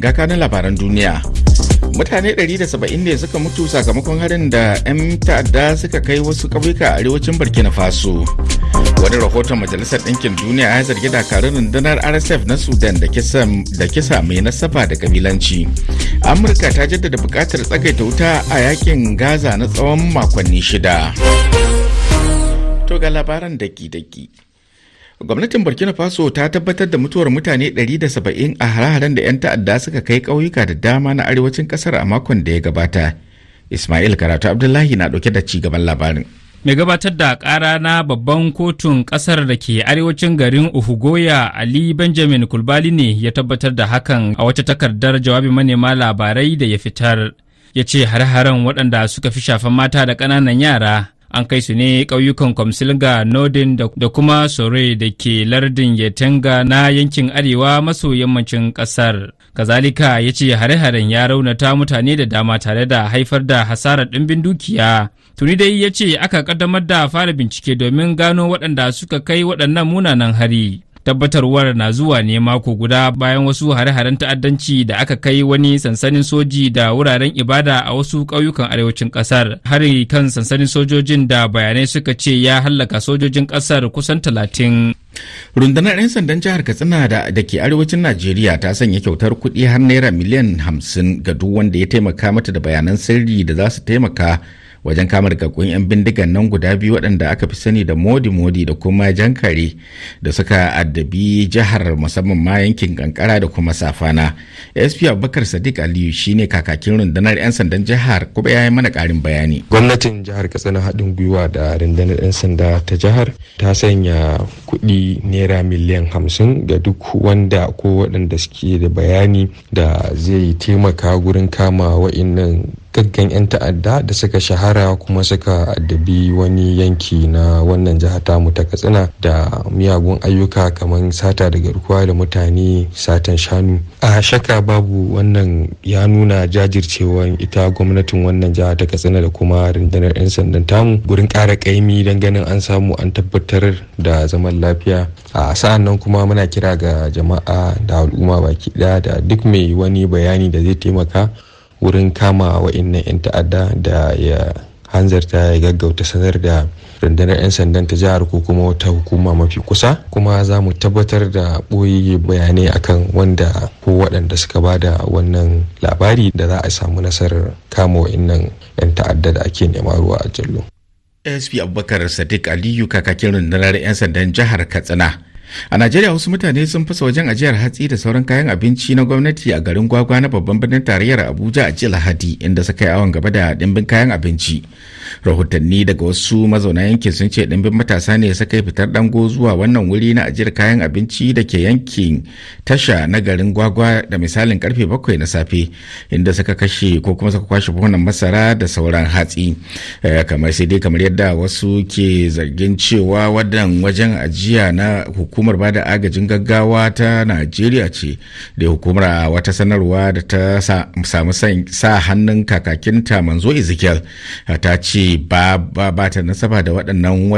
Ibrahim na labaran duniya. Mutane 170 ne suka mutu sakamakon harin da 'yan ta'adda suka kai wasu ƙauyuka a arewacin Burkina Faso. Wani rahoton Majalisar Ɗinkin Duniya ya zargi dakarun rundunar RSF na Sudan da kisa mai nasaba da kabilanci. Amurka ta jaddada buƙatar tsagaita wuta a yakin Gaza na tsawon makonni shida. To ga labaran daki-daki. gwamnatin burkina faso ta tabbatar da mutuwar mutane 170 a hare da 'yan ta'adda suka kai ƙauyuka da dama na arewacin ƙasar a makon da ya gabata ismail karatu abdullahi na ɗauke da cigaban labarin mai gabatar da kara na babban kotun kasar da ke arewacin garin uhugoya ali benjamin kulbali ne ya tabbatar da hakan a wata takardar jawabin manema labarai da ya fitar ya ce har-haren waɗanda suka fi shafan mata da ƙananan yara an kai su ne ƙauyukan kwamsilga nodin da kuma sore da ke lardin yatenga na yankin arewa maso yammacin ƙasar kazalika ya ce hare-haren ya raunata mutane da dama tare da haifar da hasarar ɗimbin dukiya tuni dai ya ce aka ƙaddamar da fara bincike domin gano waɗanda suka kai waɗannan munanan hari tabbatarwar na zuwa ne mako guda bayan wasu hare-haren ta'addanci da aka kai wani sansanin soji da wuraren ibada a wasu ƙauyukan arewacin ƙasar hari kan sansanin sojojin da bayanai suka ce ya hallaka sojojin ƙasar kusan talatin rundunar 'yan sandan jihar katsina da ke arewacin najeriya ta sanya kyautar kuɗi har naira miliyan hamsin ga duk wanda ya taimaka mata da bayanan sirri da za su taimaka wajen kamar gagun 'yan bindigan nan guda biyu waɗanda aka fi sani da modi-modi da kuma jankare da suka addabi jihar musamman ma yankin kankara da kuma safana sp abubakar sadiq aliyu shine kakakin rundunar 'yan sandan jihar kuma ya yi mana karin bayani gwamnatin jihar katsina haɗin gwiwa da rundunar 'yan sanda ta jihar ta sanya kuɗi naira miliyan hamsin ga duk wanda ko waɗanda suke da bayani da zai taimaka gurin kama wa'innan gaggan 'yan ta'adda da suka shahara kuma suka addabi wani yanki na wannan jiha tamu ta katsina da miyagun ayyuka kamar sata da garkuwa da mutane satan shanu a shaka babu wannan ya nuna jajircewan ita gwamnatin wannan jiha ta katsina da kuma rundunar 'yan sandan tamu gurin ƙara kaimi don ganin an samu an tabbatar da zaman lafiya a sa'an nan kuma muna kira ga jama'a da al'umma baki ɗaya da duk mai wani bayani da zai taimaka wurin kama wa'innan 'yan ta'adda da ya hanzarta ya gaggauta sanar da rundunar 'yan sandan ta jihar ko kuma wata hukuma mafi kusa kuma za mu tabbatar da ɓoye bayanai akan wanda ko waɗanda suka ba da wannan labari da za a samu nasarar kama wa'innan 'yan ta'adda da ake nema ruwa a jallo. sp abubakar sadiq aliyu kakakin rundunar 'yan sandan jihar katsina a najeriya wasu mutane sun fasa wajen ajiyar hatsi da sauran kayan abinci na gwamnati a garin gwagwa na babban birnin tarayyar abuja a jiya lahadi inda suka yi awon gaba da dimbin kayan abinci rahotanni daga wasu mazauna yankin sun ce dimbin matasa ne suka yi fitar dango zuwa wannan wuri na ajiyar kayan abinci da ke yankin tasha na garin gwagwa da misalin karfe bakwai na safe inda suka kashe ko kuma suka kwashe buhunan masara da sauran hatsi eh, kamar sai dai kamar yadda wasu ke zargin cewa wadan wajen ajiya na hukumar hukumar ba da agajin gaggawa ta najeriya ce da hukumar wata sanarwa da ta samu sa hannun kakakinta manzo ezekiel ta ce ba ba ta nasaba da waɗannan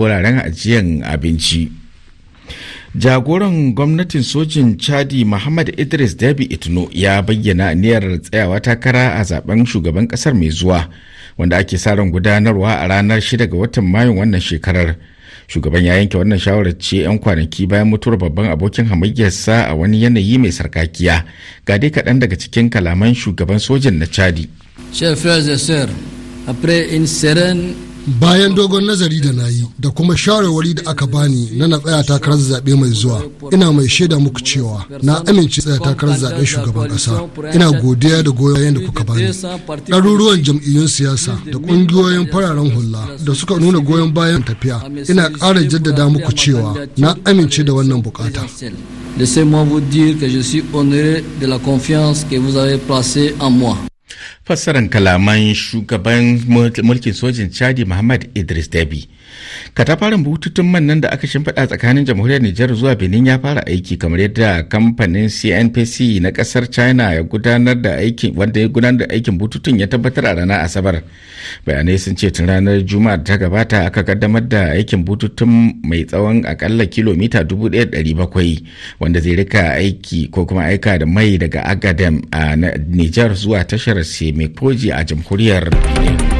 wuraren ajiyan abinci jagoran gwamnatin sojin chadi muhammad idris dabi itno ya bayyana niyyar tsayawa takara a zaben shugaban kasar mai zuwa wanda ake sa ran gudanarwa a ranar 6 ga watan mayun wannan shekarar shugaban ya yanke wannan shawarar ce 'yan kwanaki bayan mutuwar babban abokin hamayyarsa a wani yanayi mai sarkakiya ga dai kaɗan daga cikin kalaman shugaban sojan na chadi Chers frères et a in bayan dogon nazari da na yi da kuma shawarwari da aka bani na na tsaya takarar zaɓe mai zuwa ina mai shaida muku cewa na amince tsaya takarar zaɓe shugaban ƙasa ina godiya da goyon da kuka bani ɗaruruwan jam'iyyun siyasa da ƙungiyoyin fararen hula da suka nuna goyon bayan tafiya ina ƙara jaddada muku cewa na amince da wannan bukata Laissez-moi vous dire que je suis honoré de la confiance que vous avez placée en moi. fassarar kalaman shugaban mulkin sojin chadi muhammad idris dabi katafaren bututun man nan da aka shimfiɗa tsakanin jamhuriyar nijar zuwa benin ya fara aiki kamar yadda kamfanin cnpc na ƙasar china ya gudanar da aikin wanda ya gudanar da aikin bututun ya tabbatar a ranar asabar bayanai sun ce tun ranar juma'a ta gabata aka kaddamar da aikin bututun mai tsawon akalla kilomita 1700 wanda zai rika aiki ko kuma aika da mai daga agadem a nijar zuwa tashar semekoji a jamhuriyar benin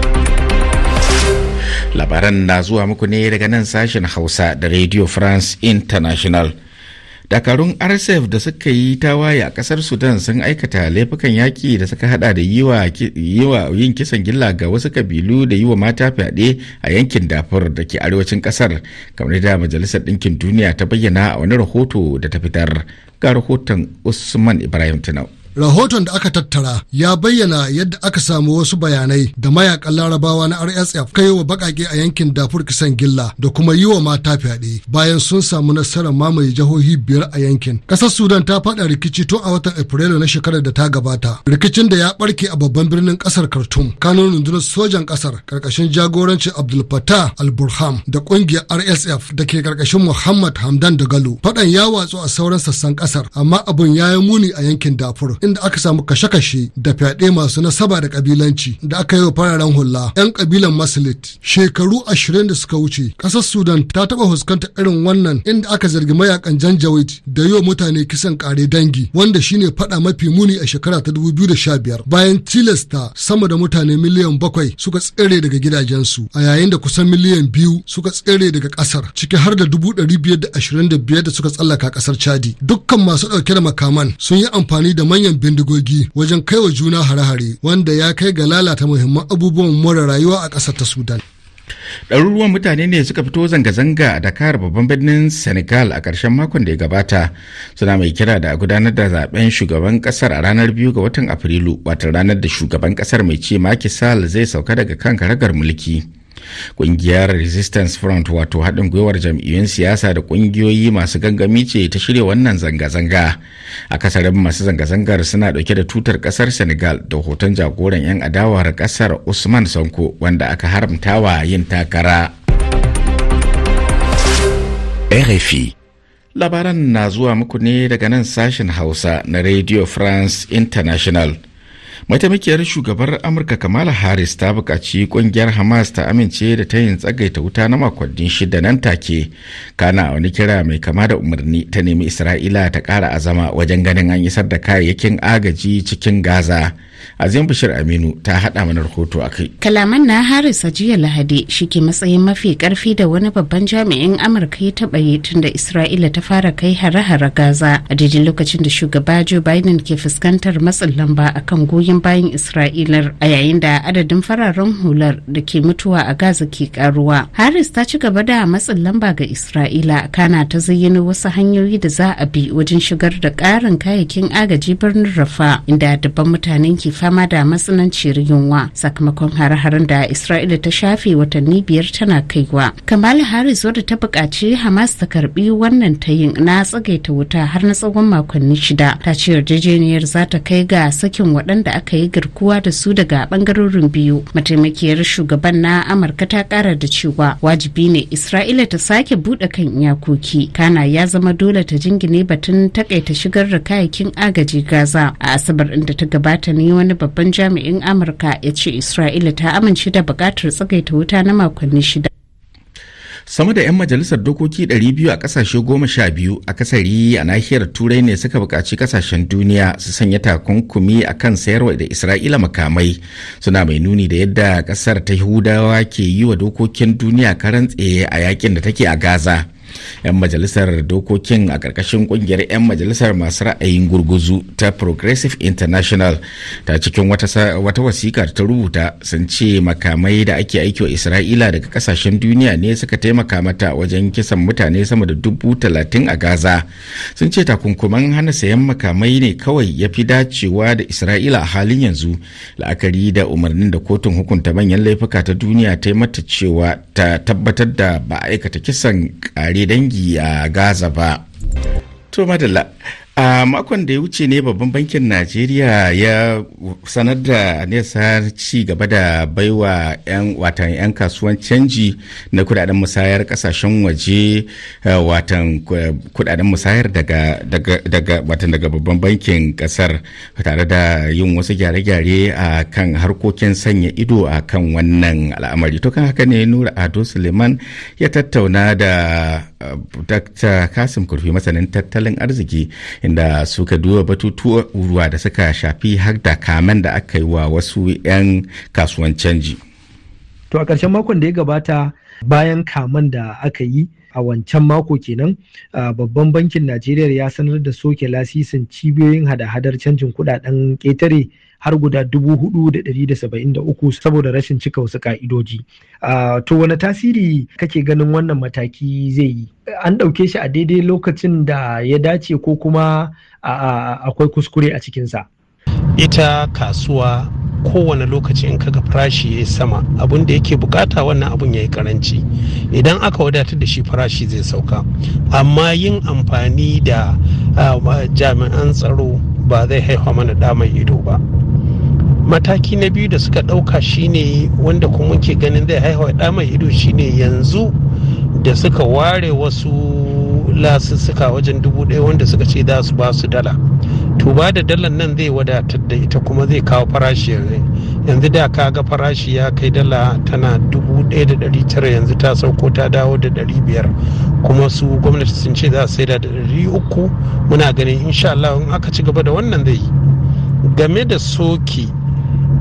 labaran na zuwa muku ne daga nan sashen hausa da radio france international dakarun rsf da suka yi tawaye a kasar sudan sun aikata laifukan yaƙi da suka hada da yiwa yin kisan gilla ga wasu kabilu da yi wa mata fyaɗe a yankin dafur da ke arewacin kasar kamar da majalisar ɗinkin duniya ta bayyana a wani rahoto da ta fitar ga rahoton usman ibrahim tinau Rahoton da aka tattara ya bayyana yadda aka samu wasu bayanai da mayakan larabawa na RSF kai wa bakake a yankin Dafur kisan gilla da kuma yi wa mata fyaɗe bayan sun samu nasarar mamaye jihohi biyar a yankin. Ƙasar Sudan ta faɗa rikici tun a watan Afrilu na shekarar da ta gabata. Rikicin da ya ɓarke a babban birnin ƙasar Khartoum. Kanun rundunar sojan ƙasar ƙarƙashin jagorancin Abdul Fatah al-Burham da ƙungiyar RSF da ke ƙarƙashin Muhammad Hamdan Dagalo. Faɗan ya watsu a sauran sassan ƙasar amma abun ya yi muni a yankin Dafur. inda aka samu kashe-kashe da fyaɗe masu nasaba da kabilanci da aka yi wa fararen hula 'yan kabilan masilit Shekaru ashirin da suka wuce, ƙasar Sudan ta taɓa fuskantar irin wannan inda aka zargi mayakan janjawit da yi wa mutane kisan ƙare dangi wanda shine faɗa mafi muni a shekara ta 2015 bayan tilasta sama da mutane miliyan bakwai suka tsere daga gidajensu a yayin da kusan miliyan biyu suka tsere daga ƙasar ciki har da dubu ɗari biyar da ashirin da biyar da suka tsallaka ƙasar Chadi. Dukkan masu ɗauke da makaman sun yi amfani da manyan manyan bindigogi wajen kaiwa juna hare-hare wanda ya kai ga lalata muhimman abubuwan more rayuwa a kasar ta Sudan. ɗaruruwan mutane ne suka fito zanga-zanga a dakar babban birnin senegal a ƙarshen makon da ya gabata suna mai kira da gudanar da zaben shugaban ƙasar a ranar biyu ga watan afrilu watan ranar da shugaban ƙasar mai ce makisal zai sauka daga kan karagar mulki Ƙungiyar Resistance Front wato haɗin gwiwar jam'iyyun siyasa da ƙungiyoyi masu gangami ce ta shirya wannan zanga-zanga. a kasarin masu zanga-zangar suna ɗauke da tutar ƙasar Senegal da hoton jagoran 'yan adawar ƙasar Usman Sanko wanda aka haramtawa yin takara. RFI Labaran na zuwa muku ne daga nan sashen Hausa na Radio France International. mataimakiyar shugabar amurka kamala harris ta bukaci ƙungiyar hamas ta amince da ta yin tsagaita wuta na makonnin shida nan take kana wani kira mai kama da umarni ta nemi isra'ila ta ƙara azama wajen ganin an isar da kayayyakin agaji cikin gaza azim bashir aminu ta haɗa mana rahoto a kai kalaman na harris a jiya lahadi shike matsayin mafi karfi da wani babban jami'in amurka ya taɓa yi tun da isra'ila ta fara kai hare-hare gaza a daidai lokacin da shugaba joe biden ke fuskantar matsin lamba akan goyon cikin bayan isra'ilar a yayin da adadin fararen hular da ke mutuwa a gaza ke karuwa Harris ta ci gaba da matsin lamba ga isra'ila kana ta zayyana wasu hanyoyi da za a bi wajen shigar da karin kayayyakin agaji birnin rafa inda dubban mutanen ke fama da matsananciyar yunwa sakamakon hare-haren da isra'ila ta shafe watanni biyar tana kaiwa kamala Harris, wadda ta buƙaci hamas ta karbi wannan ta tayin na tsagaita wuta har na tsawon makonni shida ta ce yarjejeniyar za ta kai ga sakin waɗanda aka yi garkuwa da su daga bangarorin biyu mataimakiyar shugaban na amurka ta kara da cewa wajibi ne isra'ila ta sake buɗe kan iyakoki kana ya zama dole ta jingine batun takaita shigar da kayayyakin agaji gaza a asabar inda ta gabata ne wani babban jami'in amurka ya ce isra'ila ta amince da buƙatar tsagaita wuta na makonni shida sama da 'yan majalisar dokoki 200 a kasashe 12 a kasari a nahiyar turai ne suka buƙaci kasashen duniya su sanya takunkumi a kan sayarwa da isra'ila makamai suna mai nuni da yadda kasar ta hudawa ke yi wa dokokin duniya karantse a yakin da take a gaza 'yan majalisar dokokin a ƙarƙashin ƙungiyar 'yan majalisar masu ra'ayin gurguzu ta progressive international ta cikin wata wasiƙa ta rubuta sun ce makamai da ake aiki wa isra'ila daga ƙasashen duniya ne suka taimaka mata wajen kisan mutane sama da dubu talatin a gaza sun ce takunkuman hana sayan makamai ne kawai ya fi dacewa da isra'ila a halin yanzu la'akari da umarnin da kotun hukunta manyan laifuka ta duniya ta yi mata cewa ta tabbatar da ba aikata kisan kare dangi a gaza ba to madalla a makon da ya wuce ne babban bankin najeriya ya sanar da nesa ci gaba da baiwa 'yan watan 'yan kasuwan canji na kudaden musayar kasashen waje eh, watan kudaden musayar daga daga babban bankin kasar tare da yin wasu gyare-gyare a kan harkokin sanya ido a kan wannan al'amari to kan haka ne nura ado suleiman ya tattauna da eh, dr kasim kurfi masanin tattalin arziki inda suka duba batutuwa ruwa da suka shafi har da kamen da aka yi wa wasu 'yan kasuwan canji. To a ƙarshen makon da ya gabata bayan kamen da aka yi a wancan mako kenan babban bankin najeriya ya sanar da soke lasisin cibiyoyin hada-hadar canjin kudaden ƙetare har guda uku saboda rashin cika wasu ka'idoji. To wani tasiri kake ganin wannan mataki zai yi? An ɗauke shi a daidai lokacin da ya dace ko kuma akwai kuskure a cikinsa? Ita kasuwa kowane lokaci in kaga farashi ya yi sama abin da yake bukata wannan abun ya yi karanci idan aka wadatar da shi farashi zai sauka amma yin amfani da ah, jami'an tsaro ba zai haifa mana damar ido ba mataki na biyu da suka ɗauka shine wanda kuma ke ganin zai haifa ɗa mai ido shine yanzu da suka ware wasu lasussuka wajen dubu ɗaya wanda suka ce za su ba su dala to ba da dalan nan zai wadatar da ita kuma zai kawo farashi yanzu yanzu da ka ga farashi ya kai dala tana dubu ɗaya da ɗari tara yanzu ta sauko ta dawo da ɗari biyar kuma su gwamnati sun ce za su saida da ɗari uku muna ganin insha Allah in aka ci gaba da wannan zai yi game da soki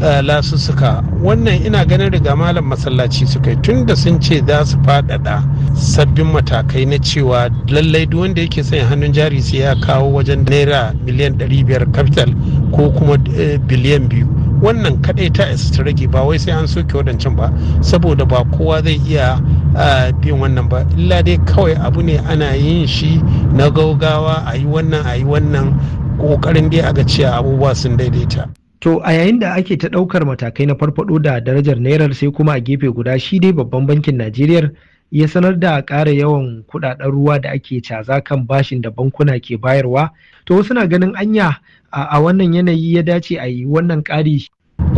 Eh, lasussuka wannan ina ganin riga malam masallaci suka yi tun da sun ce za su faɗaɗa sabbin matakai na cewa lallai duk wanda yake sanya hannun jari sai ya kawo wajen naira miliyan 500 capital ko kuma eh, biliyan biyu wannan kadai ta isa ta rage ba wai sai an soke waɗancan ba saboda ba kowa zai iya eh, bin wannan ba illa dai kawai abu ne ana yin shi na gaugawa a yi wannan a yi wannan ƙoƙarin dai a ga cewa abubuwa sun daidaita To a yayin da ake ta ɗaukar matakai na farfaɗo da darajar Naira sai kuma a gefe guda shi dai babban bankin Najeriya ya sanar da ƙara yawan kuɗaɗen ruwa da ake caza kan bashin da bankuna ke bayarwa. To wasu na ganin anya a wannan yanayi ya dace a yi wannan ƙari.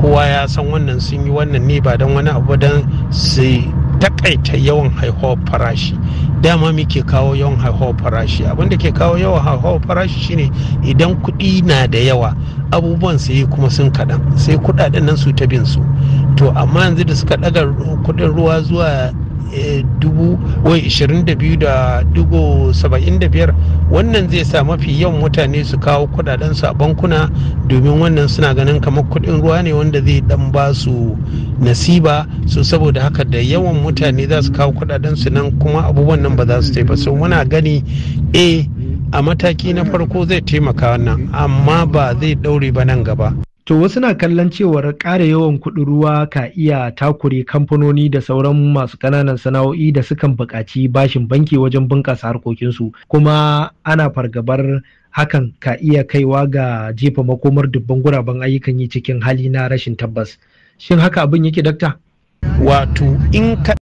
Kowa ya san wannan sun yi wannan ne ba don wani abu don su takaita yawan haihuwar farashi dama muke kawo yawan haihuwar farashi abinda ke kawo yawan haihuwar farashi shine idan kuɗi na da yawa abubuwan sai kuma sun kaɗan sai kuɗaɗen nan su ta bin su to amma yanzu da suka ɗaga kuɗin ruwa zuwa 22.75 wannan zai sa mafi yawan mutane su kawo kudadensu a bankuna domin wannan suna ganin kamar kudin ruwa ne wanda zai dan ba su nasiba su saboda haka da yawan mutane za su kawo kudadensu nan kuma abubuwan nan ba za su taifa so muna gani a a mataki na farko zai taimaka wannan amma ba zai daure ba nan gaba To wasu na kallon cewar ƙara yawan kuɗin ruwa ka iya takure kamfanoni da sauran masu ƙananan sana'o'i da sukan buƙaci bashin banki wajen bunƙasa harkokinsu kuma ana fargabar hakan ka iya kaiwa ga jefa makomar dubban guraben ayyukan yi cikin hali na rashin tabbas. Shin haka abin yake dakta? Wato in ka